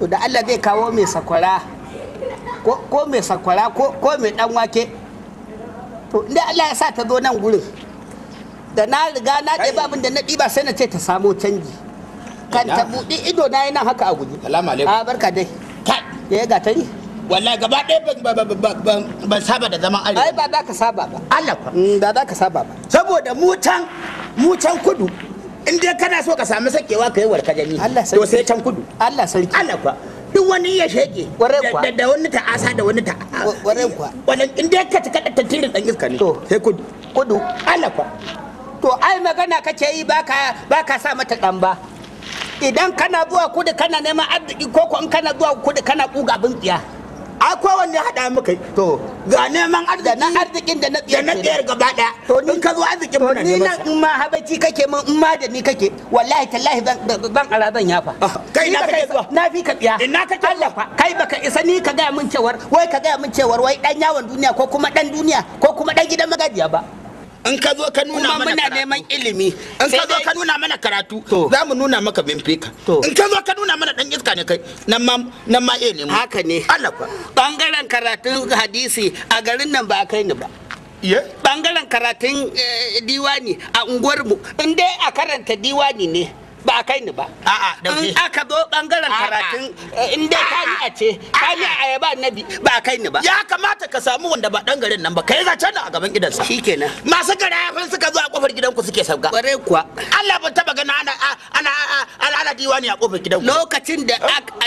to da Allah zai kawo mai sakwara ko mai sakwara ko mai dan wake to inda Allah ya sa ta zo nan gurin da na riga na ɗaya babin da na ɗiba sai na ce ta samo canji kan ta buɗi ido na yi nan haka a guji salamu alaikum a barka dai ya ga ta ni wallahi gaba ɗaya ban saba da zaman arewa ai ba za ka saba ba Allah mm, ba za ka saba ba saboda mu can mu can kudu in dai kana so ka sami sakewa ka yi warka jami to sai can kudu Allah sarki Allah kwa duk wani ya sheke da wani ta'asa da wani ta'asa wani in dai ka cika da tattirin dan iska ne sai kudu kudu Allah kwa to ai magana kake yi baka baka sa mata dan ba idan kana buwa kudu kana neman arziki ko ko in kana buwa kudu kana buga abin tsiya A kowanne haɗa muka to ga neman arziki na arzikin da na tsiyar da na tsiyar gaba daya to ni ka zo arzikin mun ni nan in ma habaci kake mun in ma da ni kake wallahi tallahi zan zan ara zan yafa ah, kai na kake zuwa na fi ka tsiya ina kake Allah fa kai baka isa ni ka ga mun cewar wai ka ga mun cewar wai dan yawon duniya ko kuma dan duniya ko kuma dan gidan magajiya ba in ka zo ka nuna mana muna neman ilimi in ka zo ka nuna mana karatu za mu nuna maka fika in ka zo ka nuna mana dan iska ne kai nan ma nan ma eh ne mu haka ne Allah fa bangaren karatun hadisi a garin nan ba kai ni ba bangaren karatun eh, diwani a unguwar mu in dai a karanta diwani ne ba a kai ni ba in aka zo bangaren karatun eh, in dai a ce ni a yaba nabi ba a kai ni ba ya kamata ka samu wanda ba dan garin nan ba kai zace na a gaban gidansa shikenan masu yafin suka zo a kofar gidanku suke sauka bare kuwa Allah ba taba gana ana ana ana ana diwani a kofar gidanku lokacin da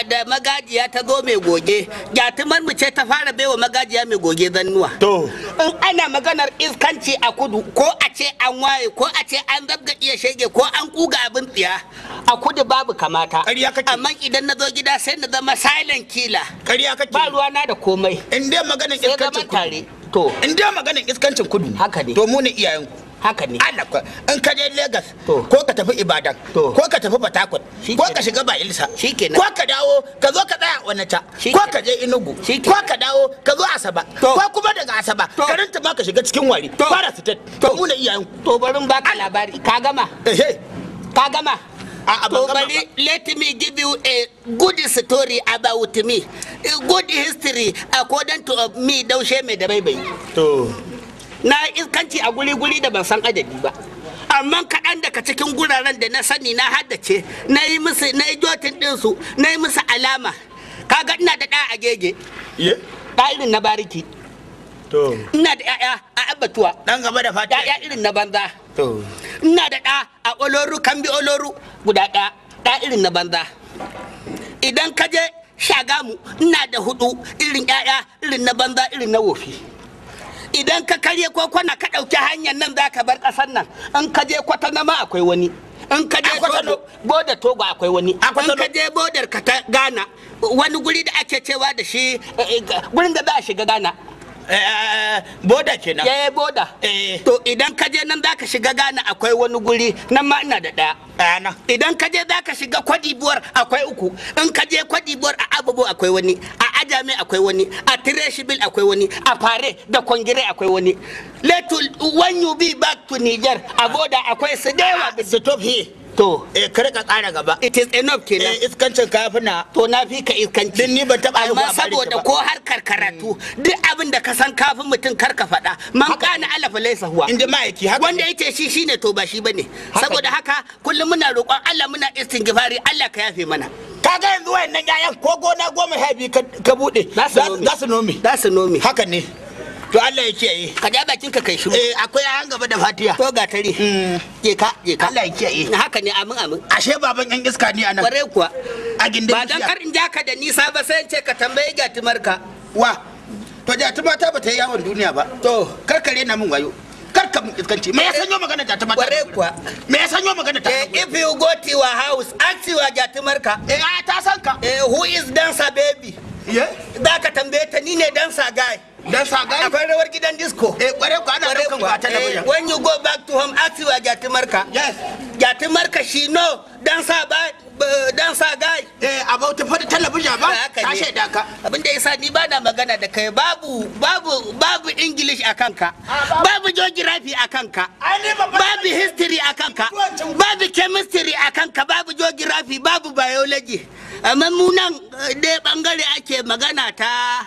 da magajiya ta zo mai goge gyatumar mu ce ta fara baiwa magajiya mai goge zannuwa to in ana maganar iskanci a kudu ko a ce an waye ko a ce an zabga iya shege ko an kuga abin tsiya a kudu babu kamata amma idan na zo gida sai na zama silent kila ba ruwa na da komai in dai maganin iskancin kudu to in dai maganin iskancin kudu haka ne to mu ne iyayen ku haka ne Allah ko in ka je Lagos ko ka tafi Ibadan ko ka tafi Port ko ka shiga Bayelsa ko ka dawo ka zo ka tsaya ta ko ka je Enugu ko ka dawo ka zo Asaba ko kuma daga Asaba garin ta ma ka shiga cikin wari fara fitar to mu ne iyayen to barin baka labari ka gama eh, eh. ka gama to ah, ah, bari let me give you a good story about me a good history according to of uh, me daushe mai da baibai to na iskanci a guri-guri da ban san adadi ba amma kaɗan daga cikin guraren da na sani na haddace na yi musu na yi jotin ɗinsu na yi musu alama kaga ina da ɗa a gege ɗa irin na bariki ina da 'ya'ya a abatuwa ɗan gaba da fata 'ya'ya irin na banza ina da ɗa oloru oloru bi oloru guda ɗaya ɗaya irin na banza idan ka je shagamu ina da hudu irin ƴaƴa irin na banza irin na wofi idan ka karye ko kwana ka ɗauki hanyar nan za ka bar ƙasar nan in ka je kwata ma akwai wani in ka je bodar togo akwai wani in ka je bodar ka ta ghana wani guri da ake cewa da shi eh, eh, gurin da za a shiga ghana Eh, eh, eh, boda kenan eh boda to idan ka je nan zaka shiga gana akwai wani guri nan ma ina da daya ana idan ka je zaka shiga buwar akwai uku in ka je buwar a abubu akwai wani a ajami akwai wani a tireshibil akwai wani a fare da kongire akwai wani let when you be back to niger a boda akwai su dewa yawa ah, here to eh kare ka tsara gaba it is enough kenan eh iskancin kafina to na fi ka iskanci din ni ban taba ba. saboda ko harkar karatu duk abin da ka san kafin mutum kar ka faɗa man kana alafa laisa huwa inda ma'aiki haka wanda yake shi shine to ba shi bane saboda haka kullum muna roƙon Allah muna istighfari Allah ka yafe mana kaga yanzu wayannan yayan ko gona goma haifi ka bude za su nomi. za su nomi, haka ne to Allah yake yi ka ja bakin ka kai shiru eh akwai an gaba da fatiya to ga tare hmm. ke ka ke ka Allah yake yi haka ne amin amin ashe baban yan iska ne anan kware kuwa a gindin ba dan kar in ja ka da nisa ba sai in ce ka tambaye gatumar ka wa to ba ta yi yawon duniya ba to kar kare na mun wayo Kar ka mun iskanci me ya eh, sanyo magana ja ta kware kuwa me ya sanyo magana ta eh, if you go to your house ask your jatumar ka eh ta san ka eh who is dancer baby yeah da ka tambaye ta ni ne dansa guy dan sagai akwai rawar gidan disco eh kware ku ana daukan ku a talabijin eh, when you go back to home ask you wa marka yes jatimarka shi no dan saba dan sagai eh about for television ba ah, ka shaida ka abinda yasa ni ba na magana da kai babu babu babu english a kanka ah, babu geography a kanka babu history a kanka babu chemistry a kanka babu geography babu biology amma mu nan eh, dai bangare ake magana ta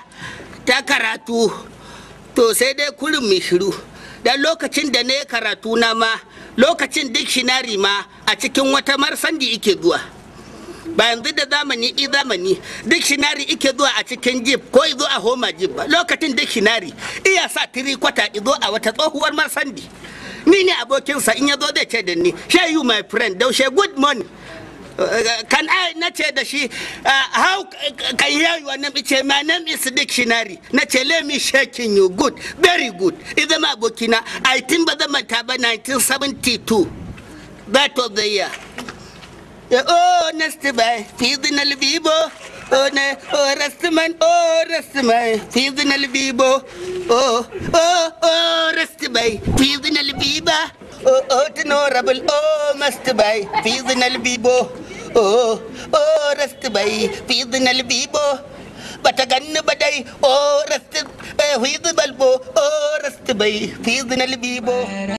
ta karatu to sai dai kurin mai shiru dan lokacin da na yi karatu na ma lokacin dictionary ma a cikin wata marsandi ike zuwa ba yanzu da zamani i zamani shinari ike zuwa a cikin jib ko izo a homa jib ba lokacin shinari iya sa tiri kwata izo a wata tsohuwar marsandi ni ne abokinsa in ya zo zai ce da ni shey you my friend daushe good morning Can I na ce da shi how can you wannan ce my name is dictionary Not let me shaking you good very good the abokina I think by the manta ba 1972 that of the year oh nasty by seasonal vivo oh ne oh rastman oh rastman seasonal vivo oh oh oh rastman seasonal viva oh oh honorable oh must by seasonal vivo ഓ ഓ rest by ഫീദ് നൽബീബോ بتجنب بدي او رست بيض بلبو او رست بي في ذن البيبو